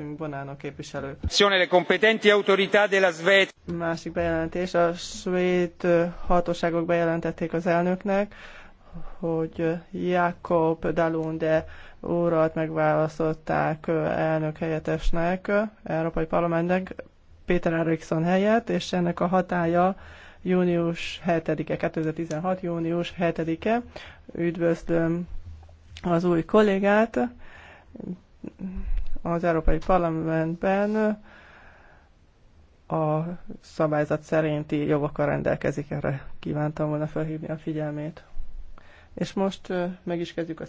mellettünk Bonánok képviselő. Másik bejelentés, a svéd hatóságok bejelentették az elnöknek, hogy Jakob Dalunde úrat megválasztották elnök helyettesnek, Európai Parlamentnek, Péter Eriksson helyett, és ennek a hatája június 7-e, 2016. június 7-e. Üdvözlöm az új kollégát, az Európai Parlamentben a szabályzat szerinti jogokkal rendelkezik, erre kívántam volna felhívni a figyelmét. És most meg is kezdjük a